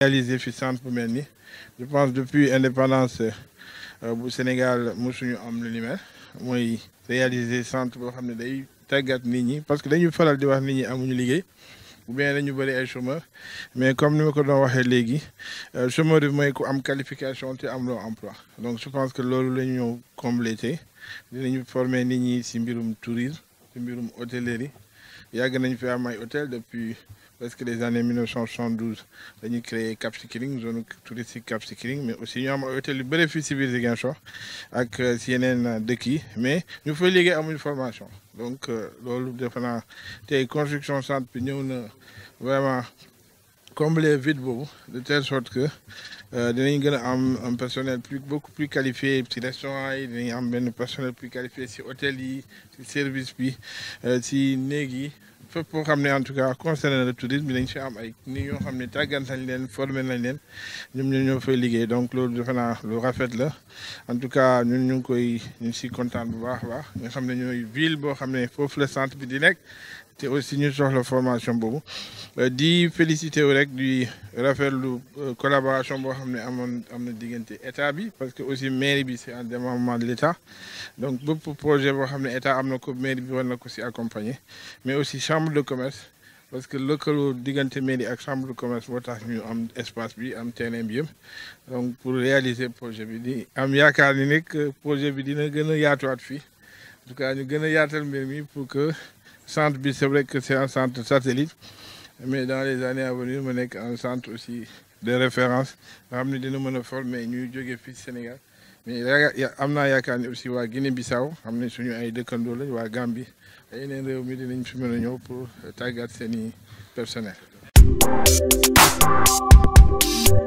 réalisé fi centre bu mel je pense depuis indépendance euh, bu Sénégal mosuñu am lu ni mel mooy réaliser centre boo xam ne day tàggat nit ñi parce que dañuy faral di wax nit ñi amuñu liggéey ou bien les bëri ay mais comme nous avons ko les chômeurs ont chômeur qualifications et am qualification emploi donc je pense que nous la ñu nous Nous dinañu former nit ñi de tourisme si mbirum hôtellerie il y a un hôtel depuis presque les années 1972 a créé Cap une zone touristique Cap Skirring mais aussi y a un hôtel de bénéfices fii si biir Ziguinchor ak si Mais nous yi mais ñu fay formation donc euh, loolu defe de la construction centre bi ñëw vraiment combler vide boobu de telle sorte que euh, dinañ gën a am un personnel plus beaucoup plus qualifié ci restaurant yi dinañ am benn personnel plus qualifié ci hôtel yi ci service bi euh, ci néeg yi fépp foo xam ne en tout cas concerné le tourisme dinañ fi am ay ni ñoo xam ne tàggat nañ leen formé nañ leen ñoom ñoo ñoo fay liggéey donc loolu defe naa lu rafet la en tout cas ñun ñu ngi koy ñu ngi siy bu baax a baax nga xam ne ñooy ville boo xam ne foofu la centre bi di nekk te aussi ñu soxla formation bobu euh, di félicité wu rek di rafetlu euh, collaboration bo xamné ne amoon am état bi parce que aussi mairie bi c'est un démembrement de l'état donc bépp projet bo xamné état amna ko mairie bi wala ko si accompagner mais aussi chambre de commerce parce que lëkkaloo diggante mairie ak chambre de commerce moo tax ñu am espace bi am terrain bi donc pour réaliser projet bi di am yaakaar ni projet bi dina gëna a yaatuwaat fii en tout cas ñu gëna a yaatal mbir mi pour que centre c'est vrai que c'est un centre satellite mais dans les années à venir on est un centre aussi de référence noms des ne dina nous a former ñuy jóge du Sénégal mais on y a un aussi à Guinée Bissau sont ne suñu ay dëkkandoo lañ waa Gambie ay yeneen Gambie. mi dinañ fi mën a pour les personnes personnelles. personnel.